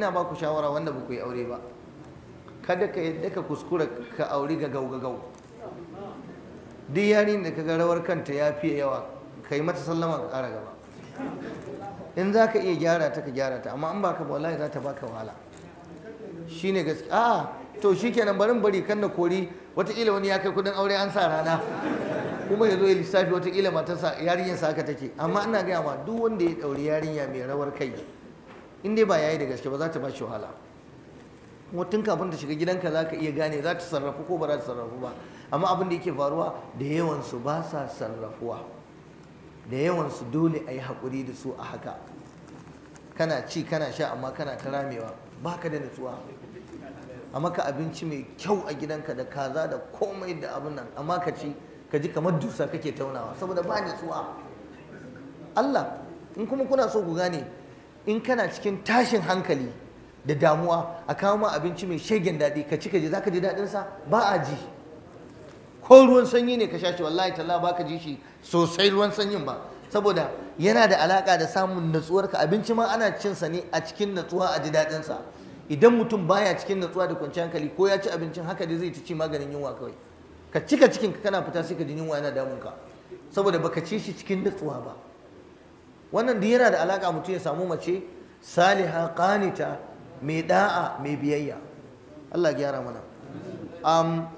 ina ba ku shawara wanda ba ku yi aure ba kada ka yadda ka kuskura ka auri ga gau gau duk yarin da ka garawar rawar kanta ya fiye yawa ka yi mata sallama ka ƙara gaba in za ka iya gyara ta ka gyara ta amma an ba ka wallahi za ta ba ka wahala shi ne gaske a to shi kenan barin bari kan na kori wataƙila wani ya kai kudin aure an sa rana kuma ya zo ya lissafi wataƙila matarsa yarinyarsa haka take amma ina gaya ma duk wanda ya ɗauri yarinya mai rawar kai in dai ba yayi da gaske ba za ta ba shi wahala kuma kafin ta shiga gidanka za ka iya gane za ta sarrafu ko ba za ta sarrafu ba amma abin da yake faruwa da yawansu ba sa sarrafuwa da yawansu dole a yi haƙuri da su a haka kana ci kana sha amma kana ta ramewa ba ka da nutsuwa a maka abinci mai kyau a gidanka da kaza da komai da abin nan amma ka ci ka ji kamar dusa kake taunawa saboda ba nutsuwa Allah in kuma kuna so ku gane in kana cikin tashin hankali da damuwa a kawo ma abinci mai shegen daɗi ka ci ka ji zaka ji daɗin sa ba a ji ko ruwan sanyi ne ka sha shi wallahi talla ba ka ji shi sosai ruwan sanyin ba saboda yana da alaka da samun natsuwar ka abinci ma ana cin sa ne a cikin natsuwa a ji daɗinsa. idan mutum baya cikin natsuwa da kwanciyar hankali ko ya ci abincin haka dai zai ci ci maganin yunwa kawai ka cika cikin ka kana fita sai ka ji yunwa yana damun ka saboda baka ci shi cikin natsuwa ba wannan da yana da alaka mutum ya samu mace saliha kanita mai da'a mai biyayya Allah gyara mana